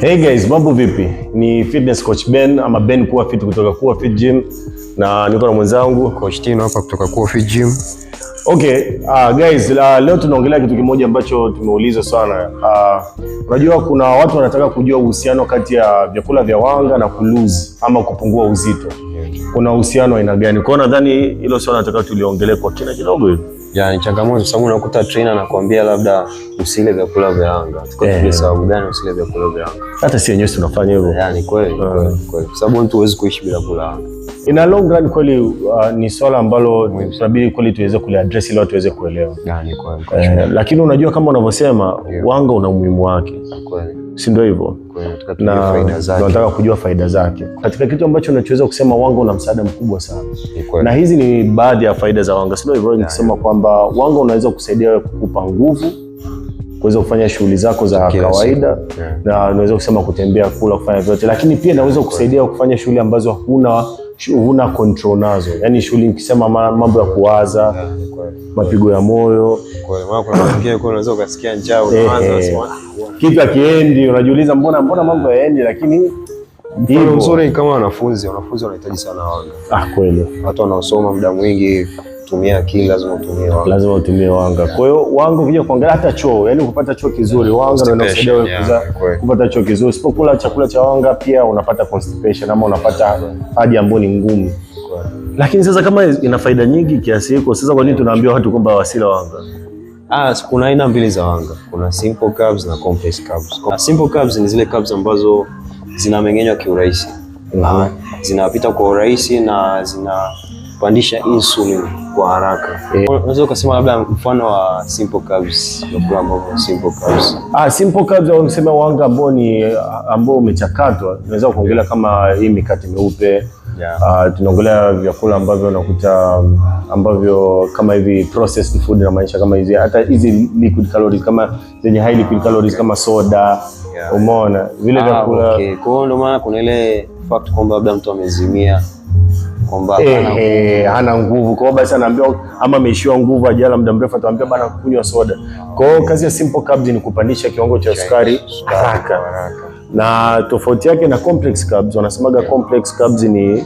Hey guys, mambo vipi? Ni fitness coach Ben ama Ben Kuwa Fit kutoka Kuwa Fit Gym na niko na mwenzangu Coach Tino hapa kutoka Kuwa Fit Gym. Okay, uh, guys, la, leo tunaongelea kitu kimoja ambacho tumeulizwa sana. Ah, unajua kuna watu wanataka kujua uhusiano kati ya vyakula vya wanga na kuluzi ama kupungua uzito. Kuna uhusiano aina gani? Kwa hiyo nadhani hilo swala nataka tuliongelee kwa kina kidogo hivi yani ni changamoto sababu unakuta trainer anakuambia labda usile vyakula vya anga. Kwa eh. sababu gani usile vyakula vya anga? Hata si wenyewe tunafanya hivyo. Yaani kweli ah. kweli, kwa sababu mtu huwezi kuishi bila kula anga. In a long run kweli, uh, ni swala ambalo tunabidi kweli tuweze kuliaddress ili watu waweze kuelewa, eh, lakini unajua kama unavyosema yeah. Wanga una umuhimu wake, si ndio hivyo? na tunataka kujua faida zake katika kitu ambacho unachoweza kusema, wanga una msaada mkubwa sana, na hizi ni baadhi ya faida za wanga, si ndio hivyo? Nikisema kwamba wanga unaweza kusaidia wewe kukupa nguvu kuweza kufanya shughuli zako za kawaida yeah. na unaweza kusema kutembea, kula, kufanya vyote, lakini pia naweza kusaidia kufanya shughuli ambazo huna huna control nazo, yani shughuli, nikisema mambo ya kuwaza ah, mapigo ya moyo, eh, eh. Ah, kitu akiendi, unajiuliza mbona mbona mambo yaendi, lakini mzuri kama wanafunzi, wanafunzi wanahitaji sana wanga. ah, kweli watu wanaosoma muda mwingi tumia akili lazima utumie wanga, lazima utumie wanga. Kwa hiyo wanga ukija kuangalia hata choo, yani kupata choo kizuri, wanga ndio inakusaidia wewe kuza kupata choo kizuri. Usipokula chakula cha wanga, pia unapata constipation ama unapata haja ambayo ni ngumu. Lakini sasa kama ina faida nyingi kiasi hiko, sasa kwa nini tunaambia watu kwamba wasile wanga? Ah, kuna aina mbili za wanga, kuna simple carbs na complex carbs. Ah, simple carbs ni zile carbs ambazo zinameng'enywa kiurahisi, mm -hmm. zinapita kwa urahisi na zinapandisha insulin kwa haraka. Eh, unaweza ukasema labda mfano wa simple carbs, vyakula ambavyo simple carbs. Ah, simple carbs au msema wanga ambao ni ambao umechakatwa, tunaweza kuongelea kama hii mikate meupe Yeah. ah, tunaongelea vyakula ambavyo unakuta ambavyo kama hivi processed food na maisha kama hizi hata hizi liquid calories kama zenye high liquid calories kama soda yeah. Umeona vile ah, vyakula. ah, okay. Kwa hiyo ndio maana kuna ile fact kwamba labda mtu amezimia Eh, eh, eh, hana nguvu. Kwa basi anaambiwa ama ameishiwa nguvu, ajala muda mrefu, atamwambia bana, kunywa soda. Kwa hiyo kazi ya simple carbs ni kupandisha kiwango cha sukari haraka, na tofauti yake na complex carbs, wanasemaga complex carbs ni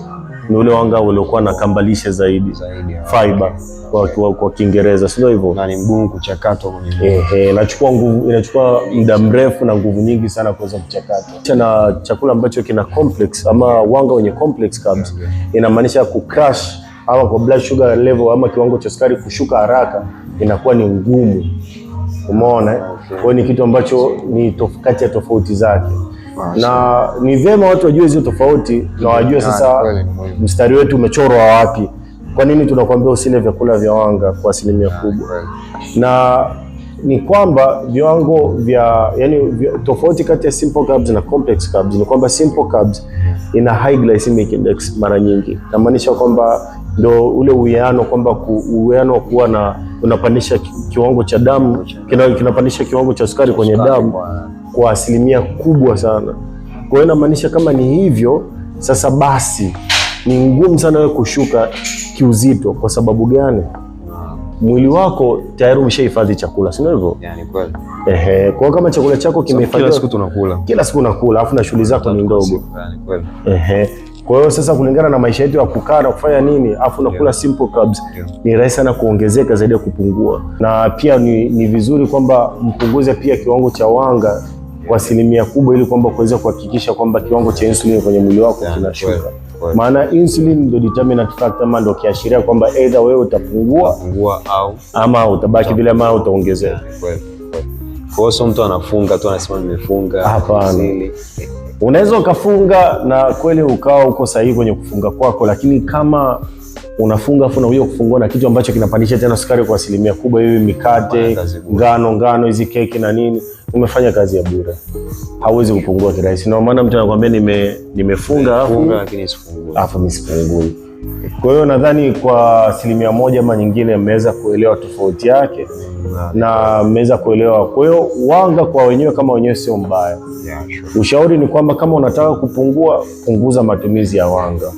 ni ule wanga uliokuwa na kambalishe zaidi, zaidi fiber kwa, kwa, kwa Kiingereza sio hivyo, na ni mgumu kuchakatwa kwenye ehe, inachukua nguvu, inachukua muda mrefu na nguvu nyingi sana kuweza kuchakatwa. Na chakula ambacho kina complex ama wanga wenye complex carbs inamaanisha kucrash ama kwa blood sugar level ama kiwango cha sukari kushuka haraka inakuwa ni ngumu, umeona. Kwa ni kitu ambacho ni tof, kati ya tofauti zake na ni vyema watu wajue hizo tofauti na wajue yaani, sasa mstari wetu umechorwa wapi. Kwa nini tunakuambia usile vyakula vya wanga kwa asilimia yaani, kubwa? Na ni kwamba viwango vya yani, tofauti kati ya simple carbs na complex carbs ni kwamba simple carbs ina high glycemic index mara nyingi, namaanisha kwamba ndo ule uwiano kwamba uwiano wa kuwa na unapandisha kiwango cha damu kinapandisha kiwango cha sukari kwenye damu kwa asilimia kubwa sana. Kwa hiyo inamaanisha kama ni hivyo sasa, basi ni ngumu sana wewe kushuka kiuzito. Kwa sababu gani? Mwili wako tayari umeshahifadhi chakula, si ndivyo? Yani kweli. Ehe, kwa kama chakula chako kimehifadhiwa, kila siku tunakula, kila siku unakula, afu na shughuli zako ni ndogo. Ehe. Kwa hiyo sasa, kulingana na maisha yetu ya kukaa na kufanya nini, afu nakula yeah. simple carbs yeah. ni rahisi sana kuongezeka zaidi ya kupungua, na pia ni, ni vizuri kwamba mpunguze pia kiwango cha wanga kwa asilimia kubwa, ili kwamba kuweza kuhakikisha kwamba kiwango cha insulin kwenye mwili wako yeah. kinashuka maana insulin ndio determinant factor ama ndio kiashiria kwamba either wewe utapungua pungua au ama utabaki bila ama utaongezeka. Kwa hiyo mtu anafunga tu anasema nimefunga. Hapana. Unaweza ukafunga na kweli ukawa uko sahihi kwenye kufunga kwako, lakini kama unafunga afu unakuja kufungua na kitu ambacho kinapandisha tena sukari kwa asilimia kubwa, hiyo mikate, ngano, ngano hizi keki na nini, umefanya kazi ya bure, hauwezi kupungua kirahisi. Ndio maana mtu anakuambia nimefunga, nime afu mimi sifungui. Kwa hiyo nadhani kwa asilimia moja ama nyingine mmeweza kuelewa tofauti yake na mmeweza kuelewa. Kwa hiyo wanga kwa wenyewe kama wenyewe sio mbaya. Ushauri ni kwamba kama unataka kupungua, punguza matumizi ya wanga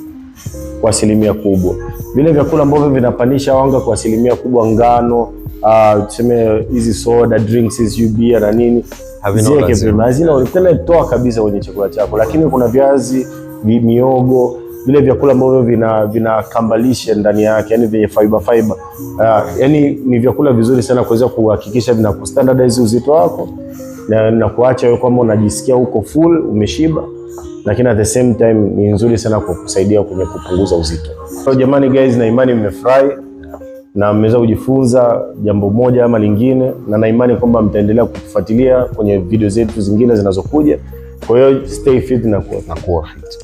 kwa asilimia kubwa. Vile vyakula ambavyo vinapandisha wanga kwa asilimia kubwa, ngano, uh, tuseme hizi soda drinks, bia na nini, hazina, toa kabisa kwenye chakula chako, lakini kuna viazi, miogo vile vyakula ambavyo vina, vina ndani yake, yani vyenye fiber fiber. Uh, yani ni vyakula vizuri sana kuweza kuhakikisha vina kustandardize uzito wako na, na kuacha wewe kwamba unajisikia uko full umeshiba, lakini at the same time ni nzuri sana kwa kusaidia kwenye kupunguza uzito. So, jamani guys, na imani mmefurahi na mmeweza kujifunza jambo moja ama lingine, na na imani kwamba mtaendelea kutufuatilia kwenye video zetu zingine zinazokuja. Kwa hiyo stay fit na kuwa, na kuwa fit.